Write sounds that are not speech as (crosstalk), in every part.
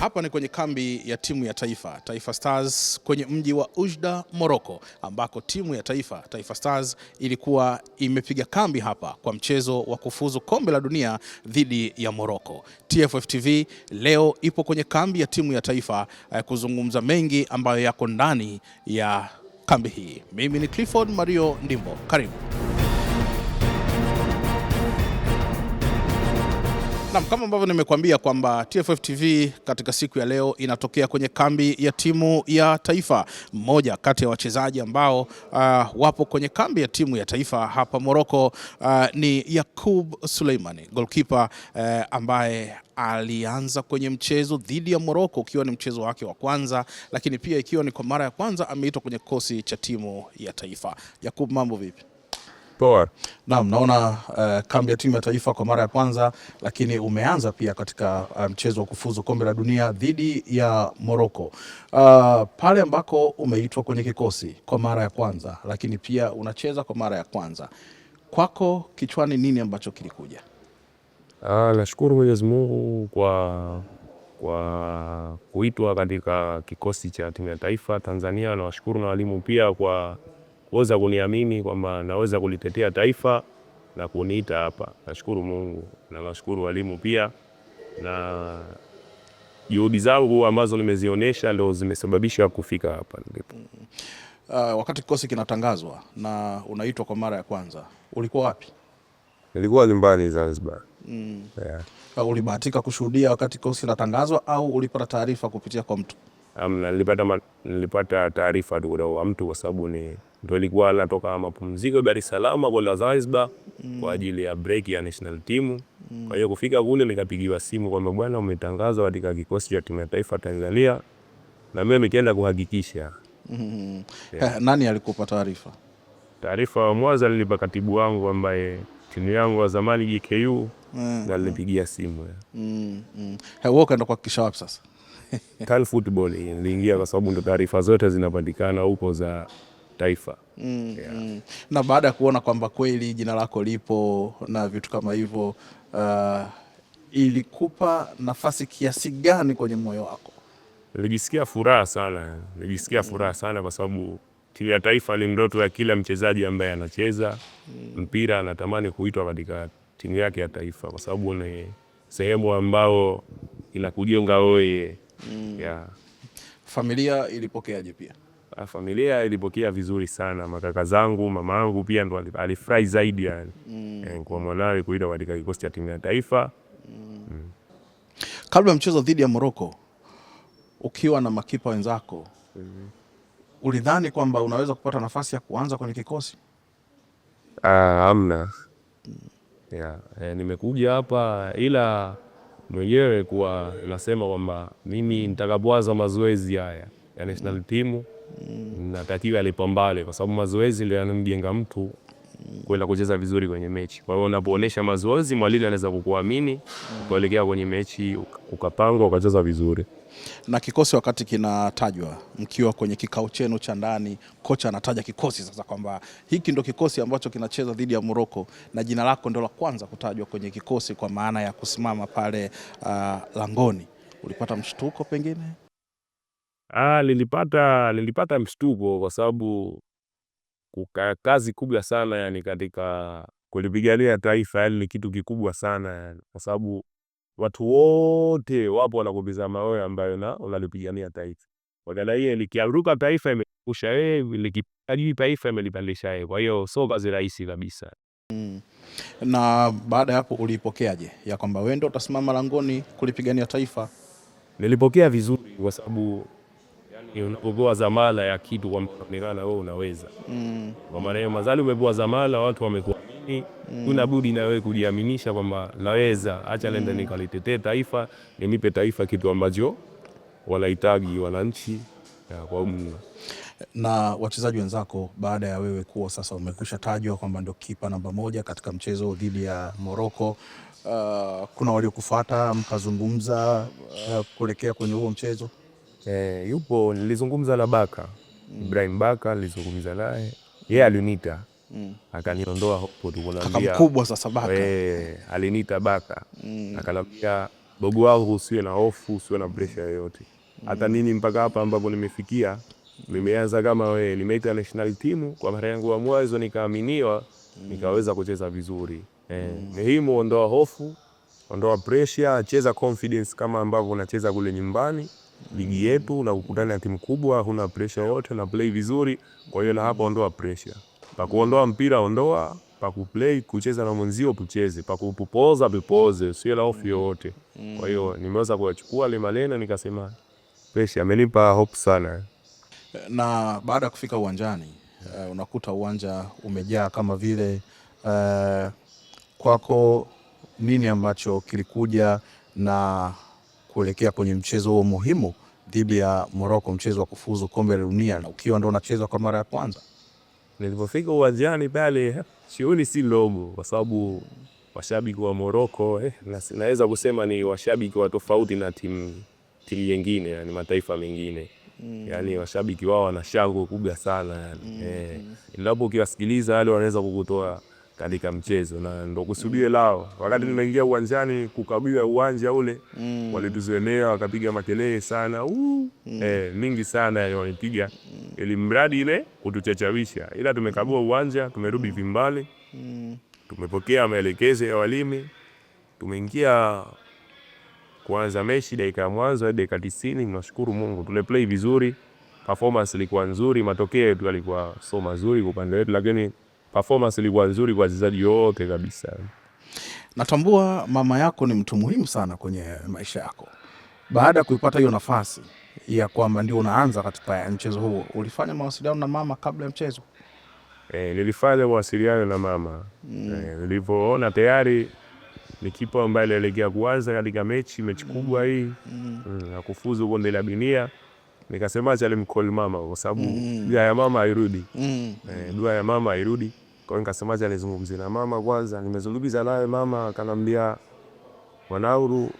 Hapa ni kwenye kambi ya timu ya taifa Taifa Stars kwenye mji wa ujda Morocco, ambako timu ya taifa Taifa Stars ilikuwa imepiga kambi hapa kwa mchezo wa kufuzu kombe la dunia dhidi ya Morocco. TFF TV leo ipo kwenye kambi ya timu ya taifa eh, kuzungumza mengi ambayo yako ndani ya kambi hii. Mimi ni Clifford Mario Ndimbo, karibu. Naam, kama ambavyo nimekwambia kwamba TFF TV katika siku ya leo inatokea kwenye kambi ya timu ya taifa. Mmoja kati ya wachezaji ambao uh, wapo kwenye kambi ya timu ya taifa hapa Morocco uh, ni Yakub Suleimani, goalkeeper uh, ambaye alianza kwenye mchezo dhidi ya Morocco ukiwa ni mchezo wake wa kwanza, lakini pia ikiwa ni kwa mara ya kwanza ameitwa kwenye kikosi cha timu ya taifa. Yakub, mambo vipi? Poa. Naam, naona uh, kambi ya timu ya taifa kwa mara ya kwanza, lakini umeanza pia katika eh, mchezo um, wa kufuzu kombe la dunia dhidi ya Morocco. Uh, pale ambako umeitwa kwenye kikosi kwa mara ya kwanza, lakini pia unacheza kwa mara ya kwanza, kwako kichwani nini ambacho kilikuja? Ah, nashukuru Mwenyezi Mungu kwa kwa kuitwa katika kikosi cha timu ya taifa Tanzania. Nawashukuru na walimu pia kwa kuweza kuniamini kwamba naweza kulitetea taifa na kuniita hapa. Nashukuru Mungu na nashukuru walimu pia, na juhudi zangu ambazo nimezionyesha ndio zimesababisha kufika hapa nilipo. Mm-hmm. Uh, wakati kikosi kinatangazwa na unaitwa kwa mara ya kwanza ulikuwa wapi? Nilikuwa nyumbani Zanzibar. Mm. Yeah. Uh, ulibahatika kushuhudia wakati kikosi kinatangazwa au ulipata taarifa kupitia kwa mtu? nilipata nilipata taarifa tu kutoka kwa mtu, kwa sababu ni ndo ilikuwa natoka mapumziko Dar es Salaam kwenda Zanzibar mm. kwa ajili ya break ya national team mm. kwa hiyo kufika kule nikapigiwa simu kwamba bwana, umetangazwa katika kikosi cha timu ya taifa Tanzania, na mimi nikaenda kuhakikisha mm. yeah. Eh, nani alikupa taarifa? Taarifa wa Mwanza nilipa katibu wangu ambaye timu yangu wa zamani JKU mm. na nilipigia simu mm. mm. Eh, wewe ukaenda kuhakikisha wapi sasa? (laughs) TAL Football niliingia kwa sababu ndo taarifa zote zinapatikana huko za taifa mm, yeah. mm. Na baada ya kuona kwamba kweli jina lako lipo na vitu kama hivyo uh, ilikupa nafasi kiasi gani kwenye moyo wako? Nilijisikia furaha sana, nilijisikia mm. furaha sana kwa sababu timu ya taifa ni ndoto ya kila mchezaji ambaye anacheza mm. mpira anatamani kuitwa katika timu yake ya taifa, kwa sababu ni sehemu ambayo inakujenga wewe mm. yeah. Familia ilipokeaje pia? Ah, familia ilipokea vizuri sana, makaka zangu, mama yangu pia ndo alifurahi zaidi yani mm. Eh, kwa mwanawe kuita katika kikosi cha timu ya taifa mm. Mm. Kabla ya mchezo dhidi ya Morocco ukiwa na makipa wenzako mm. ulidhani kwamba unaweza kupata nafasi ya kuanza kwenye kikosi? Ah, amna mm. yeah. E, nimekuja hapa ila mwenyewe kuwa nasema kwamba mimi nitakapoanza mazoezi haya ya national team natakiwa alipambane, kwa sababu mazoezi ndio yanamjenga mtu kwenda kucheza vizuri kwenye mechi. Kwa hiyo unapoonesha mazoezi, mwalimu anaweza kukuamini kuelekea kwenye mechi, ukapangwa ukacheza vizuri na kikosi wakati kinatajwa, mkiwa kwenye kikao chenu cha ndani, kocha anataja kikosi sasa kwamba hiki ndo kikosi ambacho kinacheza dhidi ya Morocco na jina lako ndo la kwanza kutajwa kwenye kikosi kwa maana ya kusimama pale uh, langoni, ulipata mshtuko pengine? Ah, nilipata nilipata mshtuko kwa sababu kazi kubwa sana yani katika kulipigania taifa yani ni kitu kikubwa sana yani kwa sababu watu wote wapo wanakupiza mayowe ambayo na unalipigania taifa. Badala hiyo likiaruka taifa imekusha wewe, likipaji taifa imelipandisha wewe. Kwa hiyo sio kazi rahisi kabisa. Mm. Na baada ya hapo ulipokeaje ya kwamba wewe ndio utasimama langoni kulipigania taifa? Nilipokea vizuri kwa sababu unapopewa zamala ya kitu wanaonekana wewe unaweza mm. Kwa maana mazali umepewa zamala, watu wamekuamini mm. unabudi na wewe kujiaminisha kwamba naweza, acha mm. mm. nikalitetee taifa, nimipe taifa kitu ambacho wanahitaji wananchi kwa umma na wachezaji wenzako baada ya wewe kuwa sasa umekwisha tajwa kwamba ndio kipa namba moja katika mchezo dhidi ya Morocco. Uh, kuna waliokufuata mkazungumza uh, kuelekea kwenye huo mchezo? Eh, yupo nilizungumza na Baka mm. Ibrahim Baka nilizungumza naye yeye, alinita mm. akaniondoa hapo, tukunambia mkubwa sasa Baka eh, alinita Baka mm. akalambia dogo wangu, usiwe na hofu, usiwe na pressure yoyote mm. hata mm. nini, mpaka hapa ambapo nimefikia nimeanza kama wewe, nimeita national team kwa mara yangu ya mwanzo nikaaminiwa, mm. nikaweza kucheza vizuri eh, mm. muhimu ondoa hofu, ondoa pressure, cheza confidence kama ambavyo unacheza kule nyumbani ligi yetu na kukutana na timu kubwa, huna pressure yote na play vizuri. Kwa hiyo na hapa ondoa pressure. Pa kuondoa mpira ondoa, pa play kucheza na mwenzio tucheze, pa kupoza bipoze, sio la hofu yote. Kwa hiyo mm. nimeweza kuyachukua ile maneno nikasema pressure amenipa hope sana. Na baada ya kufika uwanjani uh, unakuta uwanja umejaa kama vile uh, kwako nini ambacho kilikuja na kuelekea kwenye mchezo huo muhimu dhidi ya Morocco, mchezo wa kufuzu kombe la dunia, na ukiwa ndo unachezwa kwa mara ya kwanza. Nilipofika uwanjani pale, sioni si ndogo, kwa sababu washabiki wa Morocco eh, naweza kusema ni washabiki wa tofauti na timu timu nyingine, yani mataifa mengine mm. Yani washabiki wao wana shangwe kubwa sana yani mm. Eh, endapo ukiwasikiliza wale wanaweza kukutoa katika mchezo na ndo kusudio mm. lao. Wakati mm. tunaingia uwanjani kukabia uwanja ule mm. walituzoenea wakapiga makelele sana uh, mm. eh, mingi sana walipiga mm. ili mradi ile kutuchachawisha, ila tumekabua mm. uwanja, tumerudi vimbali mm. tumepokea maelekezo ya walimi, tumeingia kuanza mechi dakika ya mwanzo hadi dakika tisini. Nashukuru Mungu tumeplay vizuri, performance ilikuwa nzuri, matokeo yetu yalikuwa so mazuri kwa upande wetu, lakini performance ilikuwa nzuri kwa wachezaji wote kabisa. Natambua mama yako ni mtu muhimu sana kwenye maisha yako. Baada ya kuipata hiyo nafasi ya kwamba ndio unaanza katika mchezo huo, ulifanya mawasiliano na mama kabla ya mchezo? E, nilifanya mawasiliano na mama mm. E, eh, nilivyoona tayari ni kipo ambaye anaelekea kuanza katika mechi mechi kubwa hii mm. Mm, akufuzu kombe la dunia nikasema acha nimcall mama kwa sababu mm. dua ya mama hairudi mm. eh, dua ya mama hairudi. Kwa hiyo nikasema acha nizungumze na mama kwanza, nimezungumza naye mama akanambia, Mwanauru,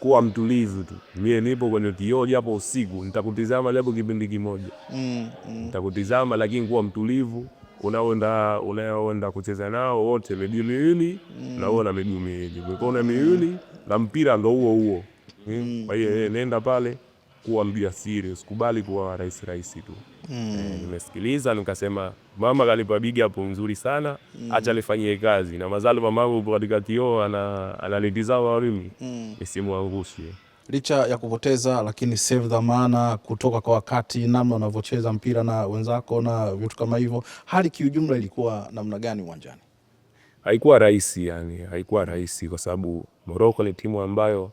kuwa mtulivu tu, mie nipo kwenye kioo, japo usiku nitakutizama, japo kipindi kimoja mm. mm. nitakutizama, lakini kuwa mtulivu unaoenda unaoenda kucheza nao wote miguu miwili mm. na wewe na miguu miwili, mikono miwili na mpira ndo huo huo. Mm. Kwa hiyo eh, nenda pale kuwa mjua serious, kubali kuwa rahisi rahisi tu mm. E, nimesikiliza nikasema, mama kalipa bigi hapo mzuri sana mm. acha lifanyie kazi na mazalo mamangu upo katika tio analitizama ana walimi mm. isimwangushe licha ya kupoteza, lakini save dhamana kutoka kwa wakati, namna unavyocheza mpira na wenzako na vitu kama hivyo. Hali kiujumla ilikuwa namna gani uwanjani? Haikuwa rahisi yani, haikuwa rahisi kwa sababu Morocco ni timu ambayo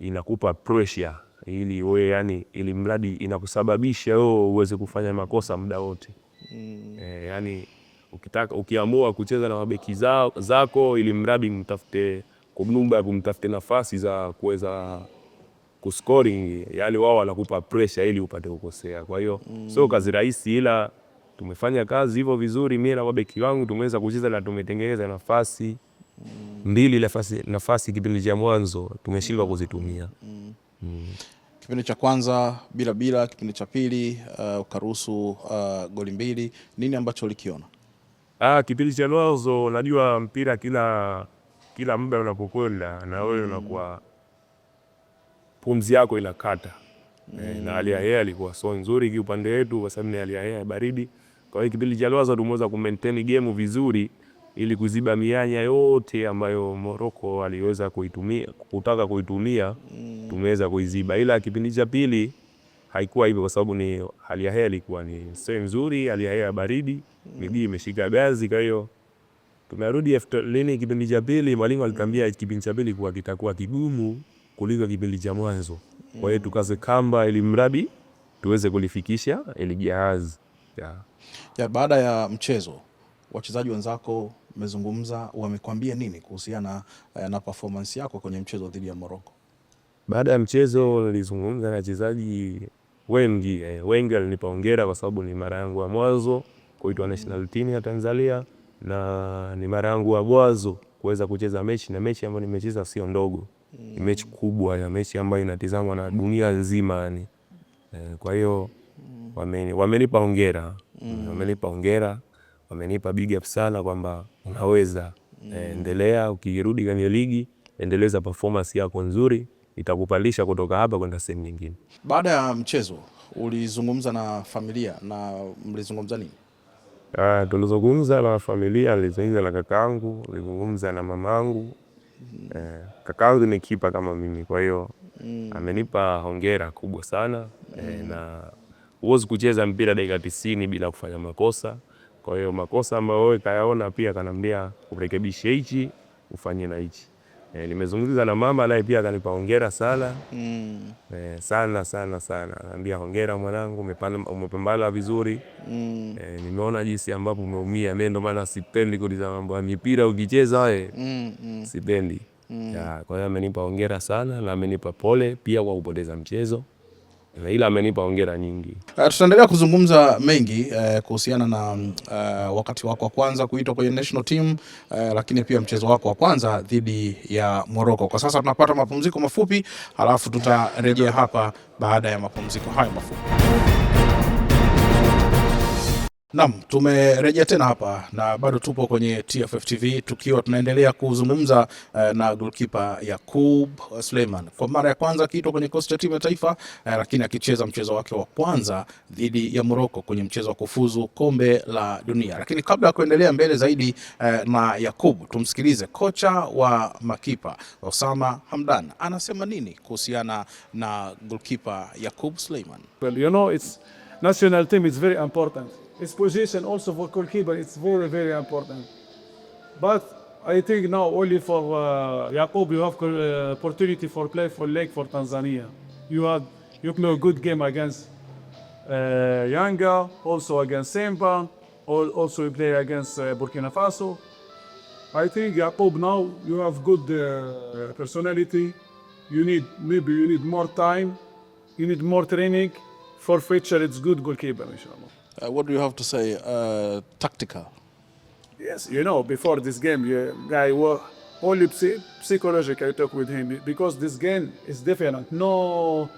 inakupa pressure ili we yani, ili mradi inakusababisha wewe uweze kufanya makosa muda wote mm. E, yani ukitaka ukiamua kucheza na mabeki za, zako ili mradi mtafute kumnumba kumtafute nafasi za kuweza kuscoring, yani wao wanakupa pressure ili upate kukosea. Kwa hiyo mm. sio kazi rahisi, ila tumefanya kazi hivyo vizuri, mimi na mabeki wangu tumeweza kucheza na tumetengeneza nafasi mm. mbili nafasi, nafasi kipindi cha mwanzo tumeshindwa kuzitumia mm. Mm kipindi cha kwanza bila bila, kipindi cha pili uh, ukaruhusu uh, goli mbili. Nini ambacho ulikiona? Ah, kipindi cha mwanzo, unajua mpira kila kila muda unapokwenda na wewe mm. unakuwa pumzi yako inakata eh, mm. eh, na hali ya hewa ilikuwa so nzuri kiupande wetu, kwa sababu ni hali ya hewa baridi. Kwa hiyo kipindi cha mwanzo tumeweza ku game vizuri ili kuziba mianya yote ambayo Moroko aliweza kuitumia kutaka kuitumia mm. tumeweza kuiziba, ila kipindi cha pili haikuwa hivyo, kwa sababu ni hali ya hewa ilikuwa ni sio nzuri, hali ya hewa baridi, mm. miguu imeshika gazi. Kwa hiyo tumerudi after lini? Kipindi cha pili mwalimu alikambia mm. kipindi cha pili kuwa kitakuwa kigumu kuliko kipindi cha mwanzo, mm. kwa hiyo mm. tukaze kamba ili mradi tuweze kulifikisha ili jahazi yeah. ya baada ya mchezo wachezaji wenzako mmezungumza, wamekwambia nini kuhusiana eh, na performance yako kwenye mchezo dhidi ya Morocco? Baada ya mchezo nilizungumza na wachezaji wengi eh, wengi walinipa hongera kwa sababu ni mara yangu ya mwanzo kuitwa national team ya Tanzania na ni mara yangu ya mwanzo kuweza kucheza mechi na mechi ambayo nimecheza sio ndogo, mm. ni mechi kubwa ya mechi ambayo inatizamwa na dunia nzima yani. Eh, kwa hiyo mm. wamenipa hongera, mm. wamenipa hongera wamenipa big up sana kwamba unaweza eh, mm. Endelea, ukirudi kwenye ligi endeleza performance yako nzuri, itakupalisha kutoka hapa kwenda sehemu nyingine. Baada ya mchezo ulizungumza na familia na mlizungumza nini? Uh, tulizungumza na familia, nilizungumza na kakaangu, nilizungumza na mamangu mm. E, kakaangu ni kipa kama mimi, kwa hiyo mm. amenipa hongera kubwa sana eh, mm. E, na huwezi kucheza mpira dakika tisini bila kufanya makosa kwa hiyo makosa ambayo wewe kayaona pia kanambia urekebishe hichi ufanye na hichi. E, nimezungumza na mama naye pia akanipa hongera sana mm. E, sana sana sana anambia hongera mwanangu, umepambana vizuri mm. E, nimeona jinsi ambavyo umeumia. Mimi ndo maana sipendi kuuliza mambo ya mipira ukicheza wewe mm, mm. sipendi mm. Kwa hiyo amenipa hongera sana na amenipa pole pia kwa kupoteza mchezo. Eh, ila amenipa hongera nyingi. Eh, tutaendelea kuzungumza mengi uh, kuhusiana na uh, wakati wako wa kwanza kuitwa kwenye national team uh, lakini pia mchezo wako wa kwanza dhidi ya Morocco. Kwa sasa tunapata mapumziko mafupi, halafu tutarejea hapa baada ya mapumziko hayo mafupi nam tumerejea tena hapa na bado tupo kwenye TFF TV tukiwa tunaendelea kuzungumza uh, na golkipa Yakub Suleiman. Kwa mara ya kwanza akiitwa kwenye kikosi cha timu ya taifa uh, lakini akicheza mchezo wake wa kwanza dhidi ya Morocco kwenye mchezo wa kufuzu kombe la dunia. Lakini kabla ya kuendelea mbele zaidi uh, na Yakub, tumsikilize kocha wa makipa Osama Hamdan anasema nini kuhusiana na golkipa Yakub Suleiman. Well, you know, it's national team is very important. his position also for goalkeeper, it's very, very important. But I think now only for uh, Jakob, you have uh, opportunity for play for Lake for Tanzania. You had you play a good game against uh, Yanga, also against Simba, also you play against uh, Burkina Faso. I think Jakob now you have good uh, personality. You need maybe you need more time, you need more training. For future, it's good goalkeeper, inshallah. Uh, what do you have to say, uh, tactical? Yes, you know, before this game, yeah, I was only psy- psychological talk with him because this game is different. No,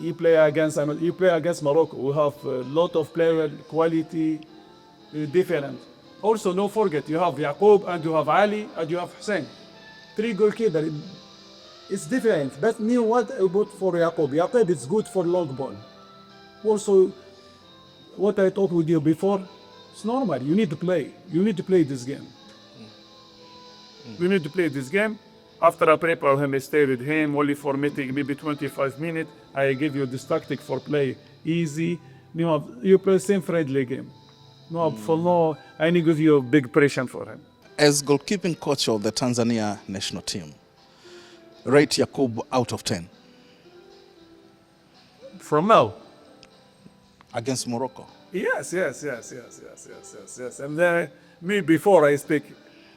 he play against he play against Morocco. We have a lot of player quality uh, different. Also, don't forget you have Yaqub and you have Ali and you have Hussein. Three goalkeeper. It's different. But now what about for Yaqub? Yaqub is good for long ball. Also what I talked with you before, it's normal. You need to play. You need to play this game. We mm. need to play this game. After I prepare him, I stay with him only for meeting, maybe 25 minutes. I give you this tactic for play easy. You know, you play same friendly game. No, mm. for no, I need to give you a big pressure for him. As goalkeeping coach of the Tanzania national team, rate Yakub out of 10. From now, against Morocco. Yes, yes, yes, yes, yes, yes, yes, yes. And then me before I speak,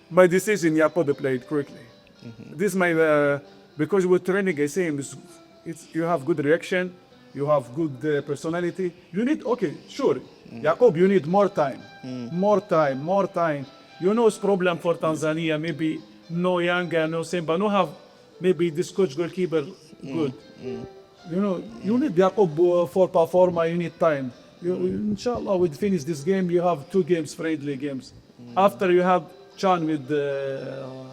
my decision Yapode played quickly. Mm -hmm. This my uh, because are training the same. It's, it's, you have good reaction, you have good uh, personality. You need okay, sure, mm. Jacob. You need more time, mm. more time, more time. You know, it's problem for Tanzania. Maybe no younger, no same, but no have maybe this coach goalkeeper mm, good. Mm. Mm. You know, you need Jakub uh, for performer, you need time. You, inshallah, we finish this game, you have two games, friendly games. Mm. After you have Chan with uh,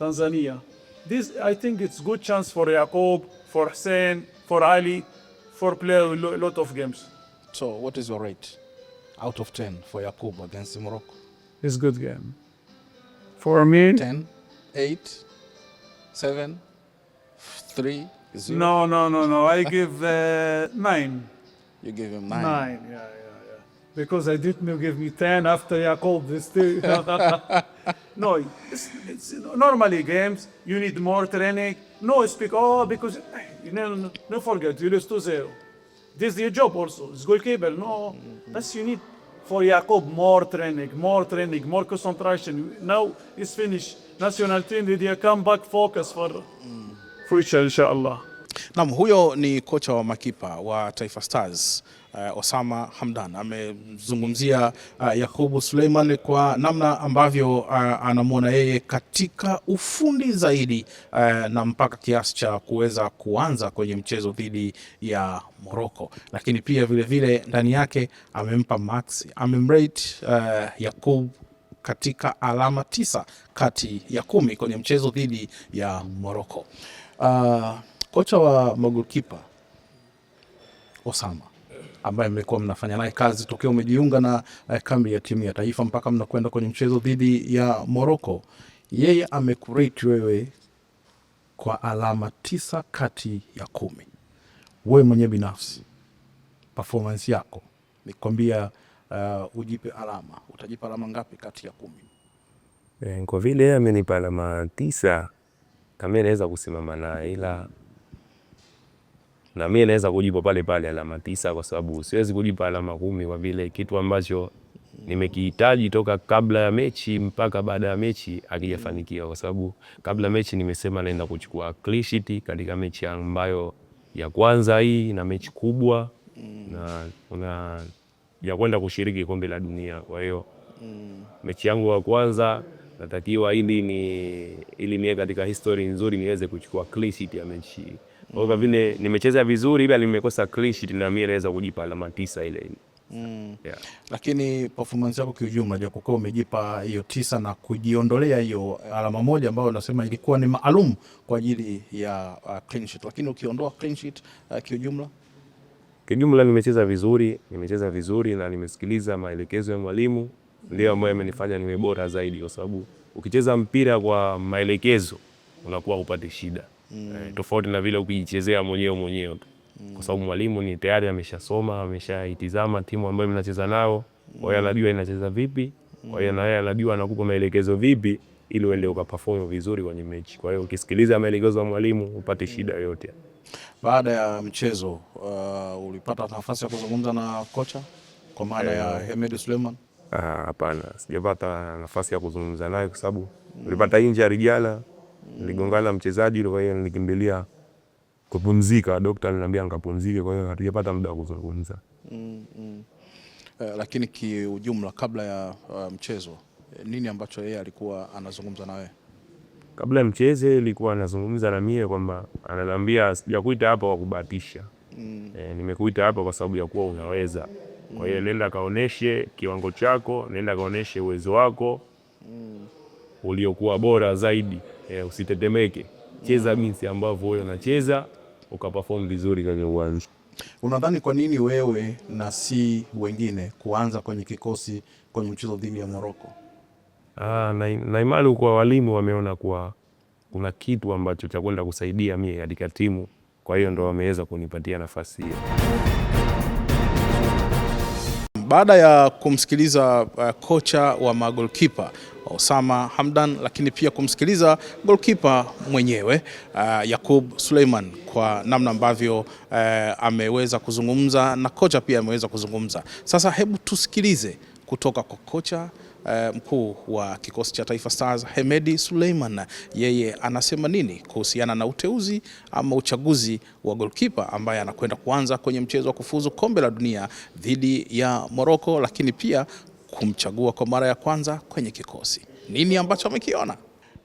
Tanzania. This, I think it's good chance for Jakob, for Hussein, for Ali, for play a lot of games. So what is your rate out of 10 for Jakob against Morocco? It's good game. For me? 10, 8, 7, 3, Zero? No, no, no, no. I give uh, nine. You give him nine. Nine, yeah, yeah, yeah. Because I didn't give me ten after Jacob. This thing. (laughs) no, it's, it's normally games. You need more training. No, speak. Oh, because you know, no, no forget you lose two zero. This is your job also. It's goalkeeper. No, mm-hmm. that's you need for Jacob more training, more training, more concentration. Now it's finished. National team did you come back focus for. Mm. future insha Allah. Naam, huyo ni kocha wa makipa wa Taifa Stars uh, Osama Hamdan amezungumzia uh, Yakubu Suleiman kwa namna ambavyo uh, eh, anamwona yeye katika ufundi zaidi uh, na mpaka kiasi cha kuweza kuanza kwenye mchezo dhidi ya Morocco, lakini pia vilevile vile ndani yake amempa max, amemrate uh, Yakub katika alama tisa kati ya kumi kwenye mchezo dhidi ya Morocco. Uh, kocha wa magolikipa Osama ambaye mmekuwa mnafanya naye kazi tokea umejiunga na uh, kambi ya timu ya taifa mpaka mnakwenda kwenye mchezo dhidi ya Morocco, yeye amekurate wewe kwa alama tisa kati ya kumi. Wewe mwenyewe binafsi performance yako nikwambia, uh, ujipe alama, utajipa alama ngapi kati ya kumi? E, kwa vile amenipa alama tisa Kamie naweza kusimama naye, ila na mimi naweza kujipa pale pale alama tisa, kwa sababu siwezi kujipa alama kumi kwa vile kitu ambacho nimekihitaji toka kabla ya mechi mpaka baada ya mechi akijafanikiwa, kwa sababu kabla mechi nimesema naenda kuchukua clean sheet katika mechi ambayo ya kwanza hii, na mechi kubwa na, una ya kwenda kushiriki kombe la dunia. Kwa hiyo mm. mechi yangu ya kwanza natakiwa ili ni ili niwe katika history nzuri niweze kuchukua clean sheet ya mechi Kwa mm. vile nimecheza vizuri ila nimekosa clean sheet na mimi naweza kujipa alama tisa ile ile. Mm. Yeah. Lakini performance yako kiujumla japokuwa umejipa hiyo tisa na kujiondolea hiyo alama moja ambayo unasema ilikuwa ni maalum kwa ajili ya uh, clean sheet. Lakini ukiondoa clean sheet uh, kiujumla kiujumla nimecheza vizuri, nimecheza vizuri na nimesikiliza maelekezo ya mwalimu ndio ambayo imenifanya niwe bora zaidi, kwa sababu ukicheza mpira kwa maelekezo unakuwa upate shida mm. E, tofauti na vile ukijichezea mwenyewe mwenyewe tu mm. kwa sababu mwalimu ni tayari ameshasoma, ameshaitizama timu ambayo mnacheza nao, kwa hiyo mm. anajua inacheza vipi, kwa hiyo mm. na yeye anajua anakupa maelekezo vipi ili uende ukaperform vizuri kwenye mechi. Kwa hiyo ukisikiliza maelekezo ya mwalimu upate mm. shida yoyote. Baada ya mchezo uh, ulipata nafasi ya kuzungumza na kocha kwa maana eh. ya Hemed Suleiman? Ah, hapana, sijapata nafasi ya kuzungumza naye kwa sababu nilipata injury ya Ligala, niligongana mchezaji, kwa hiyo nilikimbilia kupumzika. Dokta aliniambia nikapumzike, kwa hiyo hatujapata muda wa kuzungumza. mm, mm. Uh, lakini kiujumla kabla ya uh, mchezo nini ambacho yeye alikuwa anazungumza nawe Kabla ya mchezo alikuwa anazungumza na mie kwamba ananiambia sijakuita hapa kwa kubahatisha. mm. E, nimekuita hapa kwa sababu ya kuwa unaweza kwa hiyo nenda kaoneshe kiwango chako, nenda kaoneshe uwezo wako uliokuwa bora zaidi. E, usitetemeke, cheza jinsi ambavyo wewe unacheza ukaperform vizuri kwenye uwanja. Unadhani kwa nini wewe na si wengine kuanza kwenye kikosi kwenye mchezo dhidi ya Morocco? Ah, na, na imani kwa walimu wameona kuwa kuna kitu ambacho cha kwenda kusaidia mie katika timu, kwa hiyo ndo wameweza kunipatia nafasi hiyo. Baada ya kumsikiliza uh, kocha wa magolkipa Osama Hamdan, lakini pia kumsikiliza golkipa mwenyewe uh, Yakub Suleiman kwa namna ambavyo uh, ameweza kuzungumza na kocha pia ameweza kuzungumza. Sasa hebu tusikilize kutoka kwa kocha Eh, mkuu wa kikosi cha Taifa Stars Hemedi Suleiman, yeye anasema nini kuhusiana na uteuzi ama uchaguzi wa goalkeeper ambaye anakwenda kuanza kwenye mchezo wa kufuzu kombe la dunia dhidi ya Moroko, lakini pia kumchagua kwa mara ya kwanza kwenye kikosi. Nini ambacho amekiona?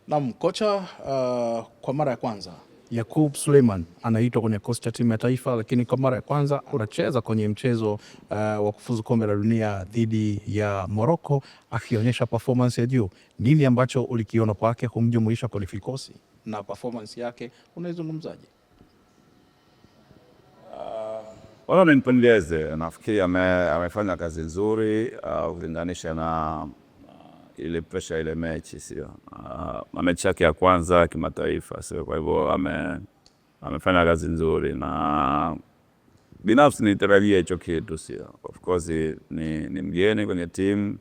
Naam, kocha uh, kwa mara ya kwanza Yakub Suleiman anaitwa kwenye kikosi cha timu ya taifa, lakini kwa mara ya kwanza unacheza kwenye mchezo uh, wa kufuzu kombe la dunia dhidi ya Morocco, akionyesha performance ya juu. Nini ambacho ulikiona kwake kumjumuisha kwenye kikosi na performance yake unaizungumzaje? Uh, Wala nimpendeze, nafikiri amefanya kazi nzuri uh, ukilinganisha uh, na ile pressure ile mechi sio uh, mechi yake ya kwanza kimataifa sio. Kwa hivyo ame, amefanya kazi nzuri na binafsi nitarajia hicho kitu sio. Of course ni, ni mgeni kwenye timu,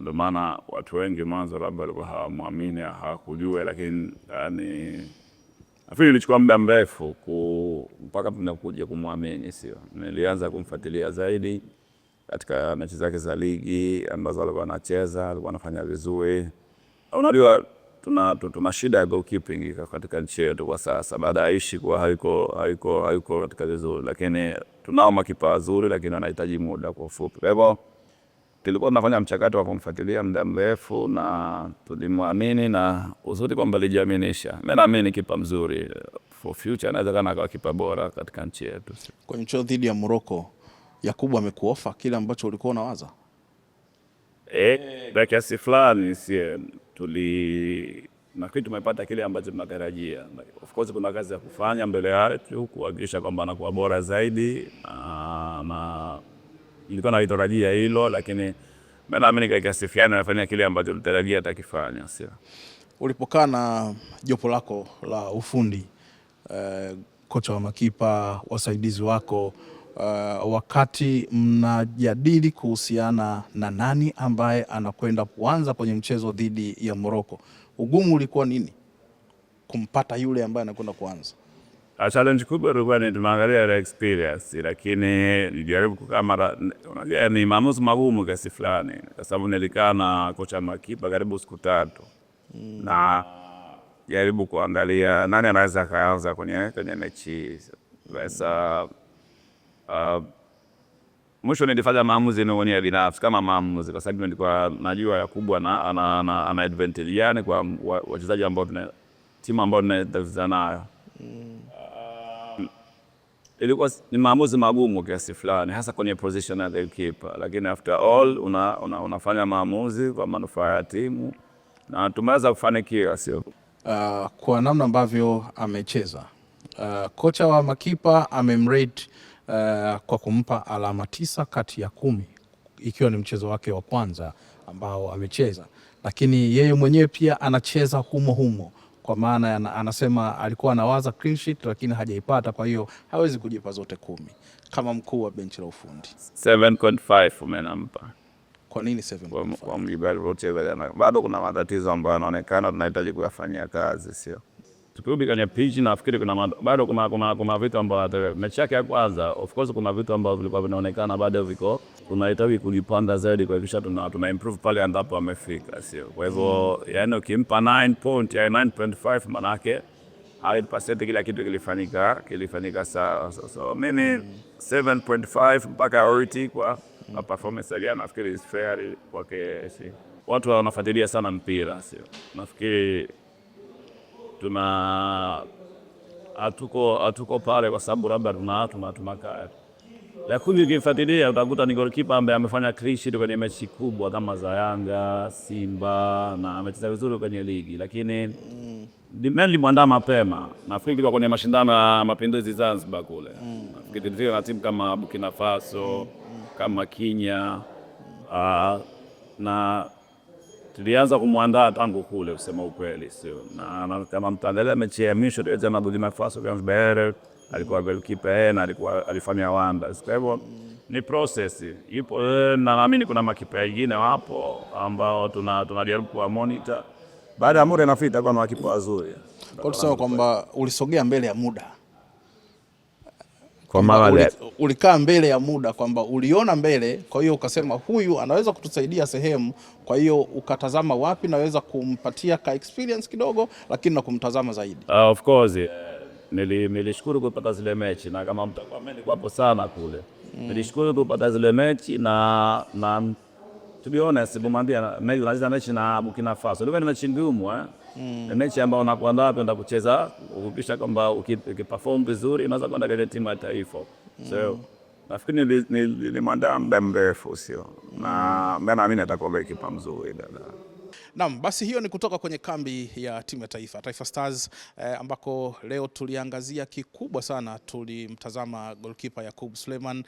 ndio maana watu wengi mwanzo labda walikuwa hawamwamini hawakujua, lakini yani ah, nafikiri ilichukua muda mrefu mpaka tunakuja kumwamini sio. Nilianza kumfuatilia zaidi katika mechi zake za ligi ambazo alikuwa anacheza, alikuwa anafanya vizuri. Unajua tuna, tuna shida ya goalkeeping katika nchi yetu kwa sasa, baada ya Aishi kuwa haiko, haiko, haiko katika vizuri, lakini tunao makipa wazuri, lakini anahitaji muda kwa ufupi. Kwa hivyo tulikuwa tunafanya mchakato wa kumfuatilia muda mrefu na tulimwamini, na uzuri kwamba alijiaminisha. Mimi naamini kipa mzuri for future, anaweza kana akawa kipa bora katika nchi yetu. Kwa mchezo dhidi ya Morocco Yakubu amekuofa kile ambacho ulikuwa unawaza? Eh, kwa kiasi fulani si tuli nafikiri tumepata kile ambacho tunatarajia. Of course kuna kazi ya kufanya mbele yetu kuhakikisha kwamba anakuwa bora zaidi ah, na, na ilikuwa naitarajia hilo, lakini mimi naamini kwa kiasi fulani anafanya kile ambacho tulitarajia atakifanya. Sio ulipokaa na jopo lako la ufundi eh, kocha wa makipa wasaidizi wako uh, wakati mnajadili kuhusiana na nani ambaye anakwenda kuanza kwenye mchezo dhidi ya Morocco, ugumu ulikuwa nini kumpata yule ambaye anakwenda kuanza? Ah, challenge kubwa ilikuwa ni tumeangalia experience, lakini nijaribu kukaa mara, unajua ni maamuzi magumu kiasi fulani, kwa sababu nilikaa na kocha makipa karibu siku tatu mm. na jaribu kuangalia nani anaweza akaanza kwenye kwenye mechi sasa mm. Uh, mwisho nilifanya maamuzi ni mwenyewe binafsi kama maamuzi, kwa sababu nilikuwa najua Yakubu ana, ana, ana, ana advantage yani kwa wachezaji ambao tuna timu ambao tunatafuta nayo mm. Uh, ilikuwa ni maamuzi magumu kiasi fulani, hasa kwenye position ya the keeper, lakini after all una, una, unafanya maamuzi kwa manufaa ya timu na tumeweza kufanikiwa, sio uh, kwa namna ambavyo amecheza uh, kocha wa makipa amemrate uh, kwa kumpa alama tisa kati ya kumi ikiwa ni mchezo wake wa kwanza ambao amecheza, lakini yeye mwenyewe pia anacheza humo humo kwa maana anasema alikuwa anawaza clean sheet lakini hajaipata, kwa hiyo hawezi kujipa zote kumi kama mkuu wa benchi la ufundi. 7.5 umenampa kwa nini? 7.5 kwa mjibu alivyocheza bado kuna matatizo ambayo yanaonekana tunahitaji kuyafanyia kazi, sio tukirudi kwenye pitch, nafikiri kuna bado kuna vitu ambavyo mechi yake ya kwanza, of course, kuna vitu ambavyo vilikuwa vinaonekana bado viko, tunahitaji kujipanda zaidi kuhakikisha tuna, tuna improve pale ambapo amefika, sio kwa hivyo mm. Yani ukimpa 9 point ya yaani 9.5 manake pasenti kila kitu kilifanyika kilifanyika sawa. So, so mimi 7.5 mm. mpaka 8 kwa na performance ya nafikiri is fair kwake. Watu wanafuatilia sana mpira, sio nafikiri tuna hatuko hatuko pale kwa sababu labda tuna tuna lakini ukifuatilia utakuta ni golikipa ambaye amefanya clean sheet kwenye mechi kubwa kama za Yanga, Simba na amecheza vizuri kwenye ligi, lakini mimi limwandaa mapema. Nafikiri kwa kwenye mashindano ya mapinduzi Zanzibar kule, nafikiri ndio na timu kama Burkina Faso kama Kenya ah, na tulianza kumwandaa tangu kule, kusema ukweli, sio na kama mtaangalia mechi ya mwisho tuweza na Burkina Faso vya Mbere alikuwa goalkeeper yeye na alikuwa alifanya wanda Kwa hivyo ni process ipo, eh, na naamini kuna makipa wengine wapo ambao tunajaribu kuwa monitor. Baada ya muda nafita kwa na makipa wazuri, kwa tusema kwamba ulisogea mbele ya muda kwa mara uli, ulikaa mbele ya muda kwamba uliona mbele, kwa hiyo ukasema huyu anaweza kutusaidia sehemu, kwa hiyo ukatazama wapi naweza kumpatia ka experience kidogo, lakini na kumtazama zaidi. Uh, of course eh, nili, nilishukuru kupata zile mechi na kama mtakuwa mlikuwapo sana kule mm. Nilishukuru kupata zile mechi na na to be honest, bumambia mechi na Burkina Faso ilikuwa ni mechi ngumu eh mm. mechi ambayo unakuwa nayo unaenda kucheza kuhakikisha kwamba ukiperform vizuri unaweza kwenda kwenye timu ya taifa mm. so nafikiri nilimwandaa muda mrefu, sio na mm. mimi naamini atakuwa kipa mzuri dada Naam, basi hiyo ni kutoka kwenye kambi ya timu ya taifa Taifa Stars eh, ambako leo tuliangazia kikubwa sana, tulimtazama goalkeeper Yakub Suleiman eh,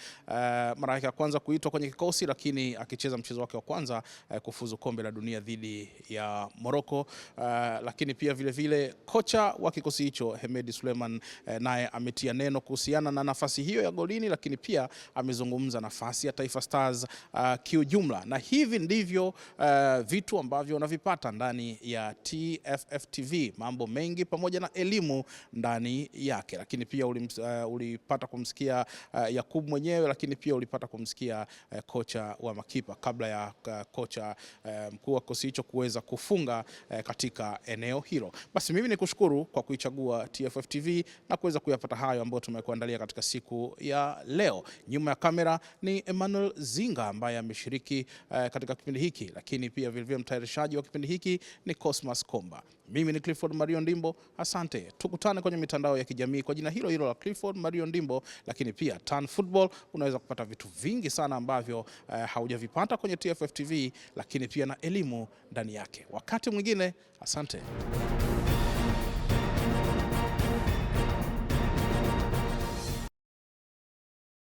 mara yake ya kwanza kuitwa kwenye kikosi, lakini akicheza mchezo wake wa kwanza eh, kufuzu kombe la dunia dhidi ya Morocco eh, lakini pia vile vile kocha wa kikosi hicho Hemedi Suleiman eh, naye ametia neno kuhusiana na nafasi hiyo ya golini, lakini pia amezungumza nafasi ya Taifa Stars eh, kiujumla, na hivi ndivyo eh, vitu ambavyo utavipata ndani ya TFF TV, mambo mengi pamoja na elimu ndani yake, lakini pia ulims, uh, ulipata kumsikia uh, Yakub mwenyewe, lakini pia ulipata kumsikia uh, kocha wa makipa kabla ya uh, kocha uh, mkuu wa kikosi hicho kuweza kufunga uh, katika eneo hilo. Basi mimi ni kushukuru kwa kuichagua TFF TV na kuweza kuyapata hayo ambayo tumekuandalia katika siku ya leo. Nyuma ya kamera ni Emmanuel Zinga ambaye ameshiriki uh, katika kipindi hiki, lakini pia vilevile mtayarishaji wa kipindi hiki ni Cosmas Komba. Mimi ni Clifford Mario Ndimbo, asante. Tukutane kwenye mitandao ya kijamii kwa jina hilo hilo la Clifford Mario Ndimbo, lakini pia Tan Football unaweza kupata vitu vingi sana ambavyo uh, haujavipata kwenye TFF TV, lakini pia na elimu ndani yake. Wakati mwingine, asante.